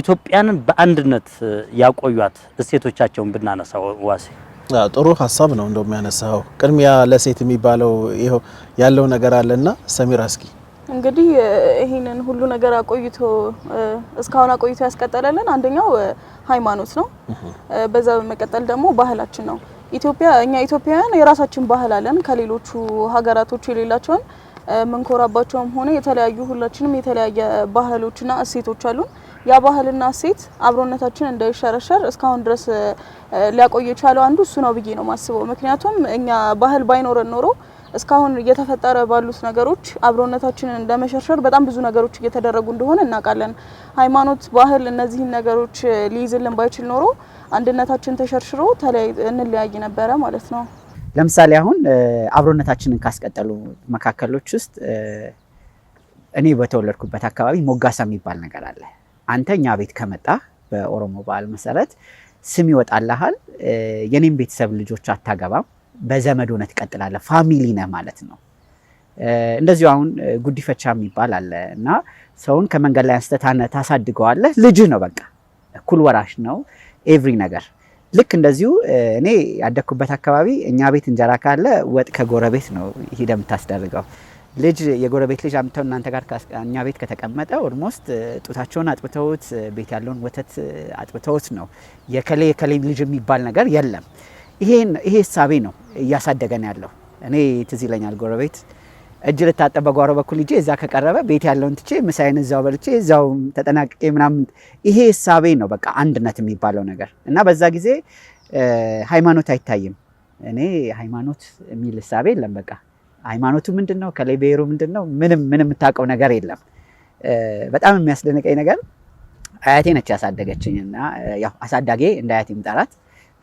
ኢትዮጵያን በአንድነት ያቆዩት እሴቶቻቸውን ብናነሳው ዋሴ ጥሩ ሀሳብ ነው። እንደው የሚያነሳው ቅድሚያ ለሴት የሚባለው ይኸው ያለው ነገር አለና ሰሚራ እስኪ እንግዲህ ይህንን ሁሉ ነገር አቆይቶ እስካሁን አቆይቶ ያስቀጠለልን አንደኛው ሃይማኖት ነው። በዛ በመቀጠል ደግሞ ባህላችን ነው። ኢትዮጵያ እኛ ኢትዮጵያውያን የራሳችን ባህል አለን ከሌሎቹ ሀገራቶች የሌላቸውን ምንኮራባቸውም ሆነ የተለያዩ ሁላችንም የተለያየ ባህሎችና እሴቶች አሉን። ያ ባህልና እሴት አብሮነታችን እንዳይሸረሸር እስካሁን ድረስ ሊያቆይ የቻለው አንዱ እሱ ነው ብዬ ነው ማስበው። ምክንያቱም እኛ ባህል ባይኖረን ኖሮ እስካሁን እየተፈጠረ ባሉት ነገሮች አብሮነታችንን እንደመሸርሸር በጣም ብዙ ነገሮች እየተደረጉ እንደሆነ እናውቃለን። ሃይማኖት፣ ባህል እነዚህን ነገሮች ሊይዝልን ባይችል ኖሮ አንድነታችን ተሸርሽሮ እንለያይ ነበረ ማለት ነው። ለምሳሌ አሁን አብሮነታችንን ካስቀጠሉ መካከሎች ውስጥ እኔ በተወለድኩበት አካባቢ ሞጋሳ የሚባል ነገር አለ። አንተ እኛ ቤት ከመጣ በኦሮሞ ባህል መሰረት ስም ይወጣልሃል። የኔም ቤተሰብ ልጆች አታገባም፣ በዘመድ ትቀጥላለህ። ፋሚሊ ነህ ማለት ነው። እንደዚሁ አሁን ጉዲፈቻ የሚባል አለ እና ሰውን ከመንገድ ላይ አንስተህ ታሳድገዋለህ። ልጅ ነው በቃ እኩል ወራሽ ነው ኤቭሪ ነገር። ልክ እንደዚሁ እኔ ያደግኩበት አካባቢ እኛ ቤት እንጀራ ካለ ወጥ ከጎረቤት ነው ሂደ የምታስደርገው። ልጅ የጎረቤት ልጅ አምጥተው እናንተ ጋር እኛ ቤት ከተቀመጠ ኦልሞስት ጡታቸውን አጥብተውት ቤት ያለውን ወተት አጥብተውት ነው። የከሌ የከሌ ልጅ የሚባል ነገር የለም። ይሄን ይሄ እሳቤ ነው እያሳደገን ያለው። እኔ ትዝ ይለኛል ጎረቤት እጅ ልታጠብ በጓሮ በኩል ልጄ እዛ ከቀረበ ቤት ያለውን ትቼ ምሳይን እዛው በልቼ እዛው ተጠናቅቄ ምናምን ይሄ እሳቤ ነው በቃ አንድነት የሚባለው ነገር እና በዛ ጊዜ ሃይማኖት አይታይም። እኔ ሃይማኖት የሚል ሳቤ የለም በቃ ሃይማኖቱ ምንድን ነው? ከላይ ብሔሩ ምንድን ነው? ምንም ምንም የምታውቀው ነገር የለም። በጣም የሚያስደንቀኝ ነገር አያቴ ነች ያሳደገችኝ እና ያው አሳዳጌ እንደ አያቴ ምጠራት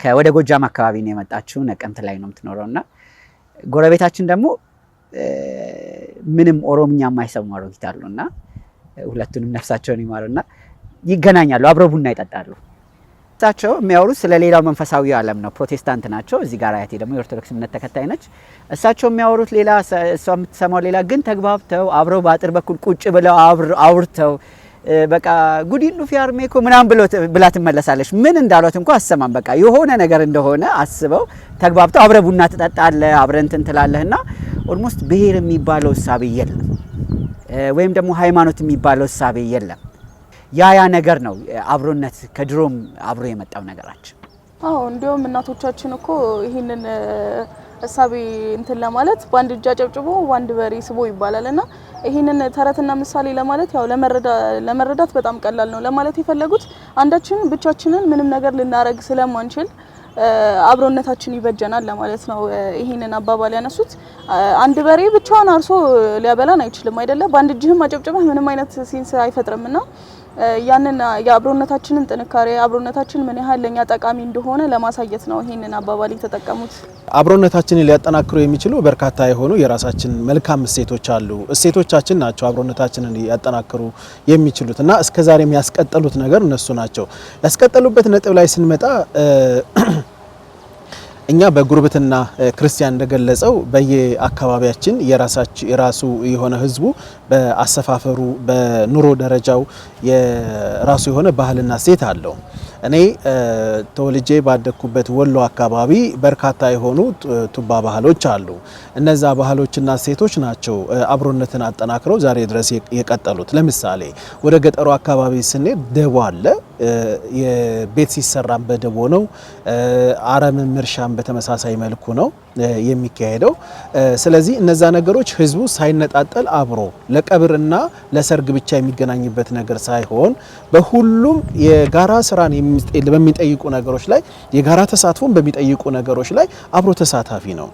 ከወደ ጎጃም አካባቢ ነው የመጣችው። ነቀምት ላይ ነው የምትኖረው እና ጎረቤታችን ደግሞ ምንም ኦሮምኛ የማይሰሙ አሮጊት አሉ እና ሁለቱንም ነፍሳቸውን ይማሩ እና ይገናኛሉ፣ አብረው ቡና ይጠጣሉ። እሳቸው የሚያወሩት ስለ ሌላው መንፈሳዊ ዓለም ነው። ፕሮቴስታንት ናቸው። እዚህ ጋር አያቴ ደግሞ የኦርቶዶክስ እምነት ተከታይ ነች። እሳቸው የሚያወሩት ሌላ፣ እሷ የምትሰማው ሌላ። ግን ተግባብተው አብረው በአጥር በኩል ቁጭ ብለው አውርተው በቃ ጉዲሉ ፊያርሜ እኮ ብላ ትመለሳለች። ምን እንዳሏት እንኳ አሰማም። በቃ የሆነ ነገር እንደሆነ አስበው ተግባብተው አብረ ቡና ትጠጣለ አብረ እንትን ትላለህ ና ኦልሞስት ብሄር የሚባለው እሳቤ የለም፣ ወይም ደግሞ ሃይማኖት የሚባለው እሳቤ የለም። ያ ያ ነገር ነው አብሮነት፣ ከድሮም አብሮ የመጣው ነገራችን። አዎ እንዲሁም እናቶቻችን እኮ ይህንን እሳቤ እንትን ለማለት በአንድ እጅ አጨብጭቦ በአንድ በሬ ስቦ ይባላል እና ይህንን ተረትና ምሳሌ ለማለት ያው ለመረዳት በጣም ቀላል ነው። ለማለት የፈለጉት አንዳችን ብቻችንን ምንም ነገር ልናረግ ስለማንችል አብሮነታችን ይበጀናል ለማለት ነው። ይህንን አባባል ያነሱት አንድ በሬ ብቻዋን አርሶ ሊያበላን አይችልም አይደለ? በአንድ እጅህም አጨብጭበህ ምንም አይነት ሴንስ አይፈጥርም። ና ያንን የአብሮነታችንን ጥንካሬ አብሮነታችን ምን ያህል ለእኛ ጠቃሚ እንደሆነ ለማሳየት ነው ይህንን አባባል የተጠቀሙት። አብሮነታችንን ሊያጠናክሩ የሚችሉ በርካታ የሆኑ የራሳችን መልካም እሴቶች አሉ። እሴቶቻችን ናቸው አብሮነታችንን ሊያጠናክሩ የሚችሉት እና እስከዛሬም ያስቀጠሉት ነገር እነሱ ናቸው። ያስቀጠሉበት ነጥብ ላይ ስንመጣ እኛ በጉርብትና ክርስቲያን እንደገለጸው በየአካባቢያችን የራሱ የሆነ ህዝቡ በአሰፋፈሩ፣ በኑሮ ደረጃው የራሱ የሆነ ባህልና ሴት አለው። እኔ ተወልጄ ባደግኩበት ወሎ አካባቢ በርካታ የሆኑ ቱባ ባህሎች አሉ። እነዛ ባህሎችና ሴቶች ናቸው አብሮነትን አጠናክረው ዛሬ ድረስ የቀጠሉት። ለምሳሌ ወደ ገጠሩ አካባቢ ስንሄድ ደቦ አለ። ቤት ሲሰራም በደቦ ነው። አረምም እርሻም በተመሳሳይ መልኩ ነው። የሚካሄደው። ስለዚህ እነዛ ነገሮች ህዝቡ ሳይነጣጠል አብሮ ለቀብርና ለሰርግ ብቻ የሚገናኝበት ነገር ሳይሆን በሁሉም የጋራ ስራን በሚጠይቁ ነገሮች ላይ የጋራ ተሳትፎን በሚጠይቁ ነገሮች ላይ አብሮ ተሳታፊ ነው።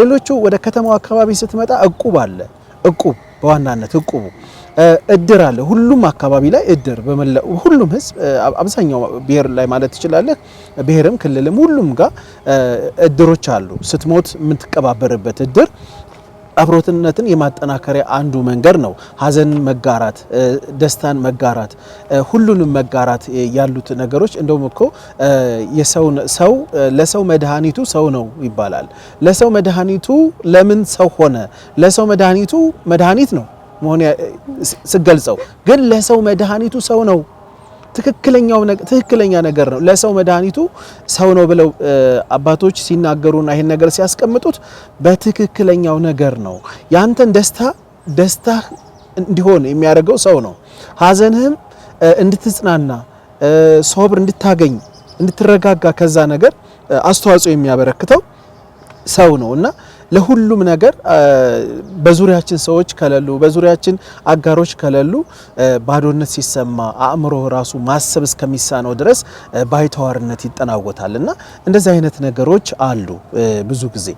ሌሎቹ ወደ ከተማው አካባቢ ስትመጣ እቁብ አለ። እቁብ በዋናነት እቁቡ እድር አለ። ሁሉም አካባቢ ላይ እድር ሁሉም ህዝብ አብዛኛው ብሔር ላይ ማለት ትችላለህ። ብሔርም ክልልም ሁሉም ጋር እድሮች አሉ። ስትሞት የምትቀባበርበት እድር አብሮትነትን የማጠናከሪያ አንዱ መንገድ ነው። ሀዘንን መጋራት፣ ደስታን መጋራት፣ ሁሉንም መጋራት ያሉት ነገሮች እንደውም እኮ ሰው ለሰው መድኃኒቱ ሰው ነው ይባላል። ለሰው መድኃኒቱ ለምን ሰው ሆነ? ለሰው መድኃኒቱ መድኃኒት ነው መሆን ስገልጸው ግን ለሰው መድኃኒቱ ሰው ነው። ትክክለኛ ነገር ነው። ለሰው መድኃኒቱ ሰው ነው ብለው አባቶች ሲናገሩና ይህን ነገር ሲያስቀምጡት በትክክለኛው ነገር ነው። ያንተን ደስታ ደስታ እንዲሆን የሚያደርገው ሰው ነው። ሐዘንህም እንድትጽናና ሶብር እንድታገኝ እንድትረጋጋ ከዛ ነገር አስተዋጽኦ የሚያበረክተው ሰው ነው እና ለሁሉም ነገር በዙሪያችን ሰዎች ከሌሉ፣ በዙሪያችን አጋሮች ከሌሉ ባዶነት ሲሰማ አእምሮ ራሱ ማሰብ እስከሚሳነው ድረስ ባይተዋርነት ይጠናወታል እና እንደዚህ አይነት ነገሮች አሉ ብዙ ጊዜ